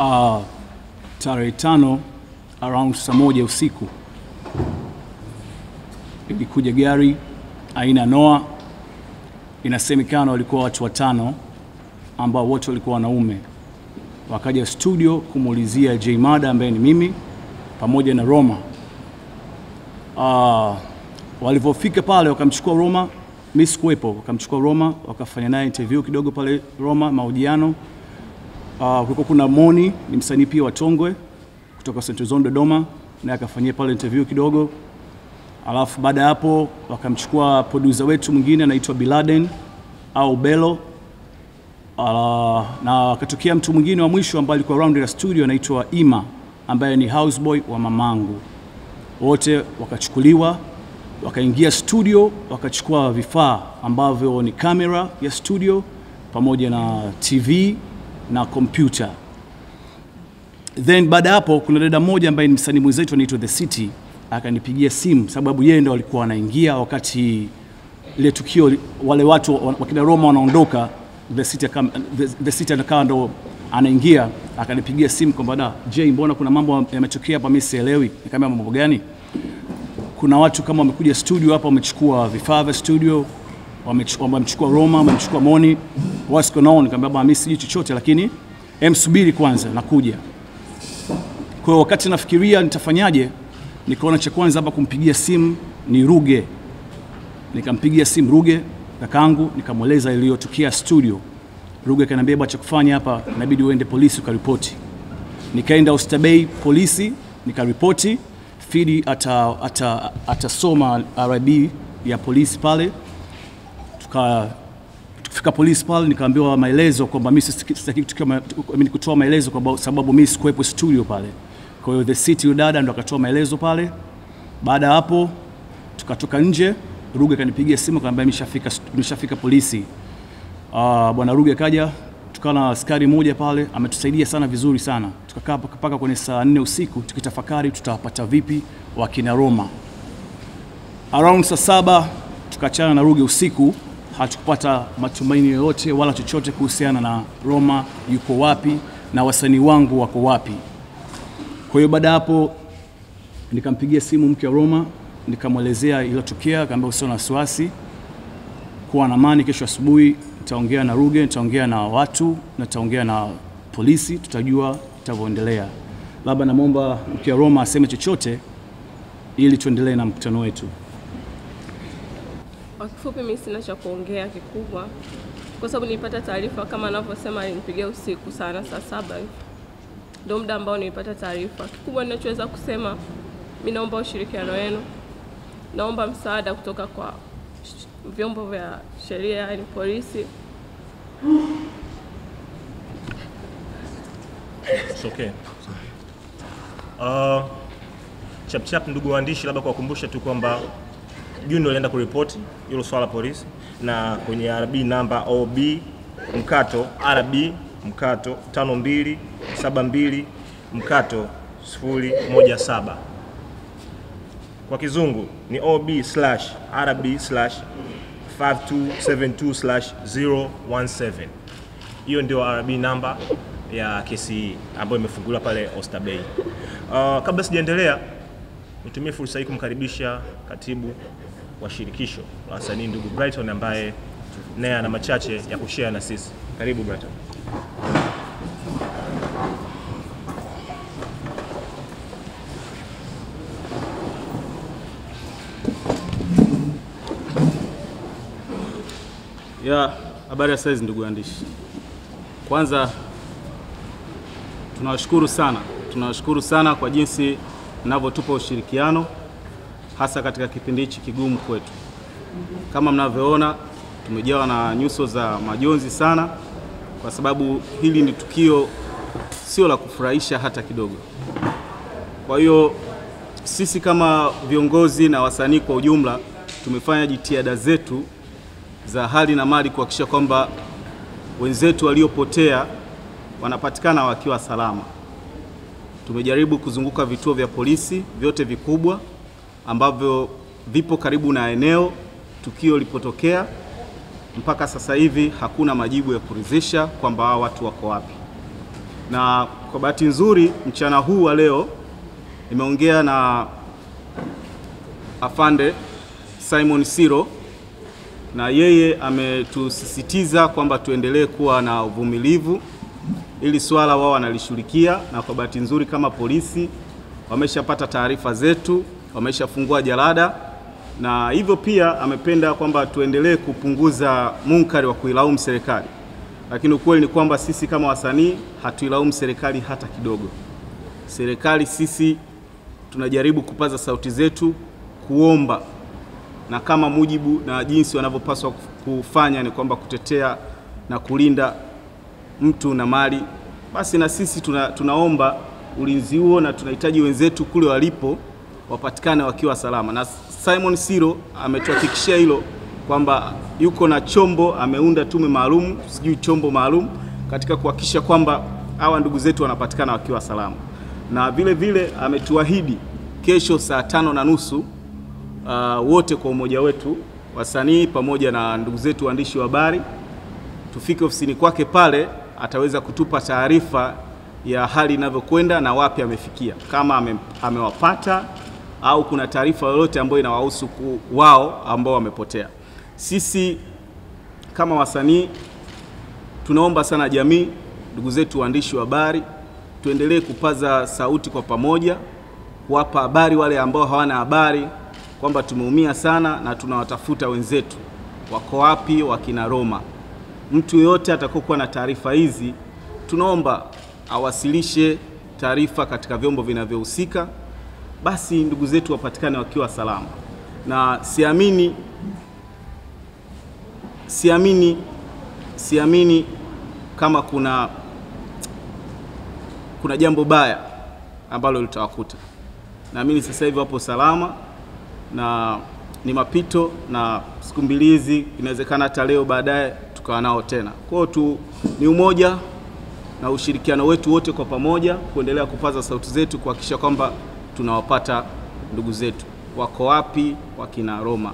uh, tarehe tano around saa moja usiku ilikuja gari aina noa Inasemekana walikuwa watu watano ambao wote walikuwa wanaume, wakaja studio kumuulizia J Mada ambaye ni mimi pamoja na Roma. Uh, walivyofika pale wakamchukua Roma, mimi sikuwepo, wakamchukua Roma wakafanya naye interview kidogo pale Roma, mahojiano Uh, kulikuwa kuna Moni ni msanii pia wa Tongwe kutoka Central Zone Dodoma, naye akafanyia pale interview kidogo, alafu baada ya hapo wakamchukua producer wetu mwingine anaitwa Biladen au Belo. Uh, ah, na akatokea mtu mwingine wa mwisho ambaye alikuwa round ya studio anaitwa Ima ambaye ni houseboy wa mamangu. Wote wakachukuliwa wakaingia studio wakachukua vifaa ambavyo ni kamera ya studio pamoja na TV na kompyuta. Then baada ya hapo kuna dada mmoja ambaye ni msanii mwenzetu anaitwa The City akanipigia simu, sababu yeye ndo alikuwa anaingia wakati ile tukio, wale watu wakina Roma wanaondoka, The City akam, The, The City anakaa ndo anaingia, akanipigia simu kwamba da, J, mbona kuna mambo yametokea hapa, mimi sielewi. Nikamwambia mambo gani? Kuna watu kama wamekuja studio hapa, wamechukua vifaa vya studio wamemchukua Roma, wamemchukua Moni, wasiko nao. Nikamwambia baba, mimi sijui chochote, lakini emsubiri kwanza, nakuja. Kwa hiyo wakati nafikiria nitafanyaje, nikaona cha kwanza hapa kumpigia simu ni Ruge. Nikampigia simu Ruge kakaangu, nikamweleza iliyotukia studio. Ruge kaniambia bwana, cha kufanya hapa inabidi uende polisi ukaripoti. Nikaenda Oysterbay polisi nikaripoti. Fidi atasoma ata, ata RIB ya polisi pale tuka kufika polisi pale nikaambiwa maelezo kwamba mimi sitaki mimi kutoa maelezo kwa sababu mimi sikuwepo studio pale. Kwa hiyo the city dada ndo akatoa maelezo pale. Baada ya hapo tukatoka nje, Ruge kanipigia simu akaniambia nimeshafika nimeshafika polisi. Ah, Uh, bwana Ruge kaja tukawa na askari mmoja pale ametusaidia sana vizuri sana. Tukakaa mpaka kwenye saa nne usiku tukitafakari tutawapata vipi wakina Roma. Around saa saba tukachana na Ruge usiku hatukupata matumaini yoyote wala chochote kuhusiana na Roma yuko wapi na wasanii wangu wako wapi. Kwa hiyo baada hapo nikampigia simu mke wa Roma, nikamwelezea iliyotokea, akaambia usio na wasiwasi, kuwa na amani. Kesho asubuhi nitaongea na Ruge, nitaongea na watu nitaongea na polisi, tutajua itavyoendelea. Labda namwomba mke wa Roma aseme chochote ili tuendelee na mkutano wetu. Kwa kifupi, mimi sina cha kuongea kikubwa, kwa sababu nilipata taarifa kama anavyosema, alinipigia usiku sana, saa saba ndio muda ambao nilipata taarifa. Kikubwa ninachoweza kusema, mimi naomba ushirikiano wenu, naomba msaada kutoka kwa vyombo vya sheria, yaani polisi. It's okay. Uh, chap chap, ndugu waandishi, labda kuwakumbusha tu kwamba Juni walienda kuripoti hilo swala polisi, na kwenye RB namba OB mkato RB mkato 5272 mkato 017 kwa kizungu ni OB slash RB slash 5272 slash 017. Hiyo ndio RB namba ya kesi hii ambayo imefunguliwa pale Oyster Bay. Uh, kabla sijaendelea nitumie fursa hii kumkaribisha katibu wa shirikisho la wasanii ndugu Brighton ambaye naye ana machache ya kushare na sisi. Karibu Brighton. Ya, habari ya saizi ndugu waandishi. Kwanza tunawashukuru sana, tunawashukuru sana kwa jinsi mnavyotupa ushirikiano hasa katika kipindi hichi kigumu kwetu. Kama mnavyoona, tumejawa na nyuso za majonzi sana, kwa sababu hili ni tukio sio la kufurahisha hata kidogo. Kwa hiyo sisi kama viongozi na wasanii kwa ujumla tumefanya jitihada zetu za hali na mali kuhakikisha kwamba wenzetu waliopotea wanapatikana wakiwa salama. Tumejaribu kuzunguka vituo vya polisi vyote vikubwa ambavyo vipo karibu na eneo tukio lipotokea. Mpaka sasa hivi hakuna majibu ya kuridhisha kwamba hao watu wako wapi, na kwa bahati nzuri mchana huu wa leo nimeongea na afande Simon Siro na yeye ametusisitiza kwamba tuendelee kuwa na uvumilivu ili swala wao wanalishughulikia, na kwa bahati nzuri kama polisi wameshapata taarifa zetu wameshafungua jalada, na hivyo pia amependa kwamba tuendelee kupunguza munkari wa kuilaumu serikali, lakini ukweli ni kwamba sisi kama wasanii hatuilaumu serikali hata kidogo. Serikali sisi tunajaribu kupaza sauti zetu, kuomba na kama mujibu na jinsi wanavyopaswa kufanya ni kwamba kutetea na kulinda mtu na mali, basi na sisi tuna, tunaomba ulinzi huo na tunahitaji wenzetu kule walipo wapatikane wakiwa salama, na Simon Siro ametuhakikishia hilo kwamba yuko na chombo, ameunda tume maalum, sijui chombo maalum katika kuhakikisha kwamba hawa ndugu zetu wanapatikana wakiwa salama, na vile vile ametuahidi kesho saa tano na nusu uh, wote kwa umoja wetu wasanii pamoja na ndugu zetu waandishi wa habari tufike ofisini kwake pale, ataweza kutupa taarifa ya hali inavyokwenda na wapi amefikia, kama ame, amewapata au kuna taarifa yoyote ambayo inawahusu wao ambao wamepotea. Sisi kama wasanii tunaomba sana jamii, ndugu zetu waandishi wa habari, tuendelee kupaza sauti kwa pamoja, kuwapa habari wale ambao hawana habari kwamba tumeumia sana na tunawatafuta wenzetu wako wapi, wakina Roma. Mtu yeyote atakokuwa na taarifa hizi, tunaomba awasilishe taarifa katika vyombo vinavyohusika basi ndugu zetu wapatikane wakiwa salama, na siamini siamini siamini kama kuna kuna jambo baya ambalo litawakuta. Naamini sasa hivi wapo salama na ni mapito, na siku mbili hizi inawezekana hata leo baadaye tukawa nao tena. Kwa tu ni umoja na ushirikiano wetu wote kwa pamoja kuendelea kupaza sauti zetu kuhakikisha kwamba tunawapata ndugu zetu, wako wapi wakina Roma?